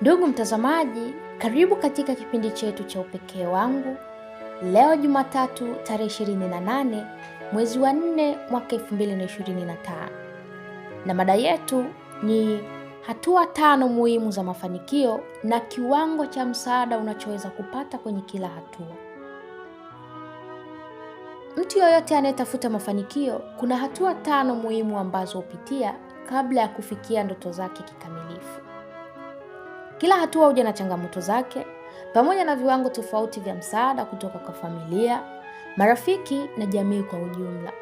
Ndugu mtazamaji, karibu katika kipindi chetu cha Upekee wangu. Leo Jumatatu tarehe 28 mwezi wa 4 mwaka 2025, na mada yetu ni hatua tano muhimu za mafanikio na kiwango cha msaada unachoweza kupata kwenye kila hatua. Mtu yoyote anayetafuta mafanikio, kuna hatua tano muhimu ambazo hupitia kabla ya kufikia ndoto zake kikamilifu. Kila hatua huja na changamoto zake pamoja na viwango tofauti vya msaada kutoka kwa familia, marafiki na jamii kwa ujumla.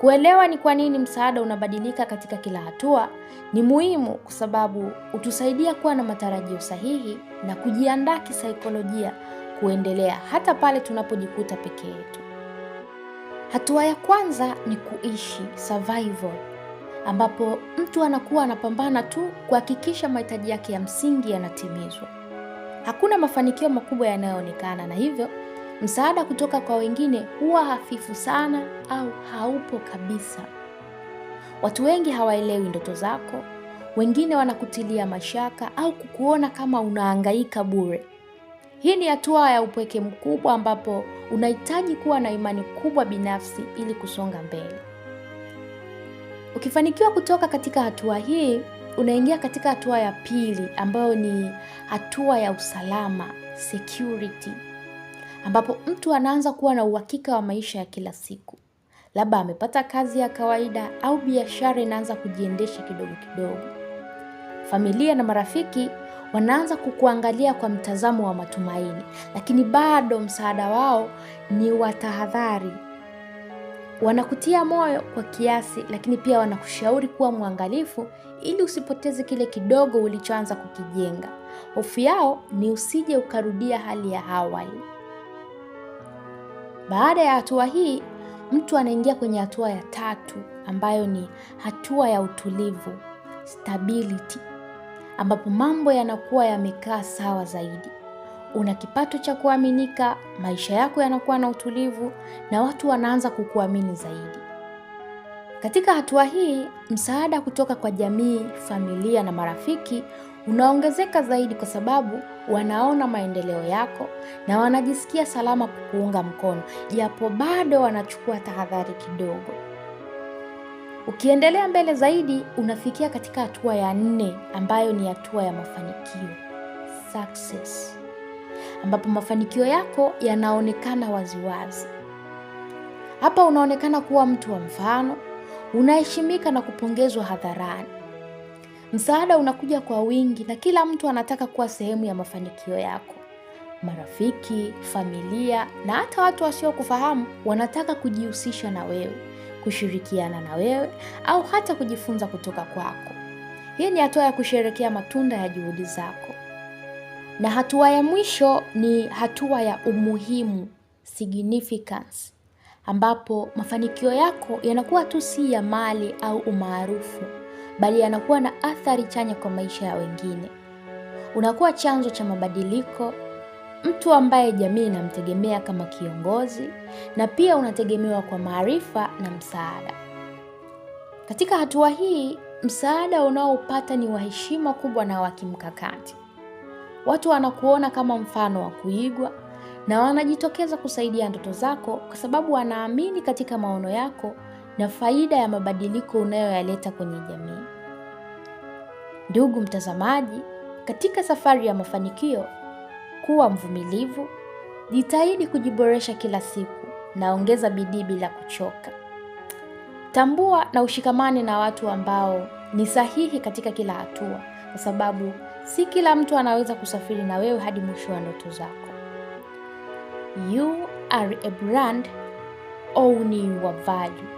Kuelewa ni kwa nini msaada unabadilika katika kila hatua ni muhimu kwa sababu hutusaidia kuwa na matarajio sahihi na kujiandaa kisaikolojia kuendelea hata pale tunapojikuta peke yetu. Hatua ya kwanza ni kuishi survival ambapo mtu anakuwa anapambana tu kuhakikisha mahitaji yake ya msingi yanatimizwa. Hakuna mafanikio makubwa yanayoonekana, na hivyo msaada kutoka kwa wengine huwa hafifu sana au haupo kabisa. Watu wengi hawaelewi ndoto zako, wengine wanakutilia mashaka au kukuona kama unahangaika bure. Hii ni hatua ya upweke mkubwa, ambapo unahitaji kuwa na imani kubwa binafsi ili kusonga mbele. Ukifanikiwa kutoka katika hatua hii, unaingia katika hatua ya pili ambayo ni hatua ya usalama, security, ambapo mtu anaanza kuwa na uhakika wa maisha ya kila siku. Labda amepata kazi ya kawaida au biashara inaanza kujiendesha kidogo kidogo. Familia na marafiki wanaanza kukuangalia kwa mtazamo wa matumaini, lakini bado msaada wao ni wa tahadhari. Wanakutia moyo kwa kiasi, lakini pia wanakushauri kuwa mwangalifu ili usipoteze kile kidogo ulichoanza kukijenga. Hofu yao ni usije ukarudia hali ya awali. Baada ya hatua hii, mtu anaingia kwenye hatua ya tatu ambayo ni hatua ya utulivu, stability, ambapo mambo yanakuwa yamekaa sawa zaidi una kipato cha kuaminika, maisha yako yanakuwa na utulivu na watu wanaanza kukuamini zaidi. Katika hatua hii, msaada kutoka kwa jamii, familia na marafiki unaongezeka zaidi kwa sababu wanaona maendeleo yako na wanajisikia salama kukuunga mkono, japo bado wanachukua tahadhari kidogo. Ukiendelea mbele zaidi, unafikia katika hatua ya nne ambayo ni hatua ya mafanikio, success ambapo mafanikio yako yanaonekana waziwazi. Hapa unaonekana kuwa mtu wa mfano, unaheshimika na kupongezwa hadharani. Msaada unakuja kwa wingi na kila mtu anataka kuwa sehemu ya mafanikio yako. Marafiki, familia na hata watu wasiokufahamu wanataka kujihusisha na wewe, kushirikiana na wewe au hata kujifunza kutoka kwako. Hii ni hatua ya kusherekea matunda ya juhudi zako. Na hatua ya mwisho ni hatua ya umuhimu, significance, ambapo mafanikio yako yanakuwa tu si ya mali au umaarufu, bali yanakuwa na athari chanya kwa maisha ya wengine. Unakuwa chanzo cha mabadiliko, mtu ambaye jamii inamtegemea kama kiongozi, na pia unategemewa kwa maarifa na msaada. Katika hatua hii, msaada unaoupata ni wa heshima kubwa na wa kimkakati. Watu wanakuona kama mfano wa kuigwa na wanajitokeza kusaidia ndoto zako kwa sababu wanaamini katika maono yako na faida ya mabadiliko unayoyaleta kwenye jamii. Ndugu mtazamaji, katika safari ya mafanikio, kuwa mvumilivu, jitahidi kujiboresha kila siku na ongeza bidii bila kuchoka. Tambua na ushikamane na watu ambao ni sahihi katika kila hatua, kwa sababu Si kila mtu anaweza kusafiri na wewe hadi mwisho wa ndoto zako. You are a brand, own your value.